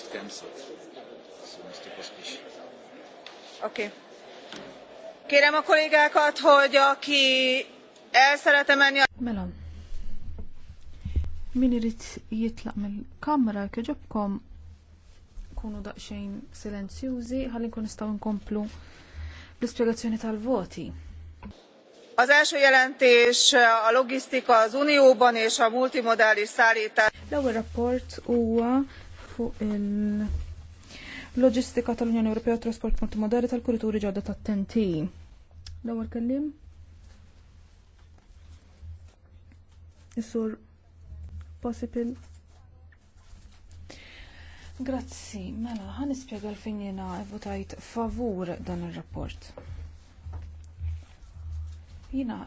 just cancelled. So Mr. Pospish. Okay. Kérem a kollégákat, hogy aki el szeretne menni a... Melon. Min irid jitlaq mill-kamra kieġobkom kunu daqsxejn silenzjużi ħalli nkun nistgħu nkomplu l-ispjegazzjoni tal-voti. Az első jelentés a logisztika az Unióban és a multimodális szállítás. L-ewwel rapport huwa fuq il-loġistika tal-Unjoni Ewropea trasport multimodali tal-kurituri ġodda tat-TNT. L-ewwel kellim. Is-sur possible. Grazzi, mela, ħan ispjega l-fejn jena votajt favur dan il-rapport. Jina,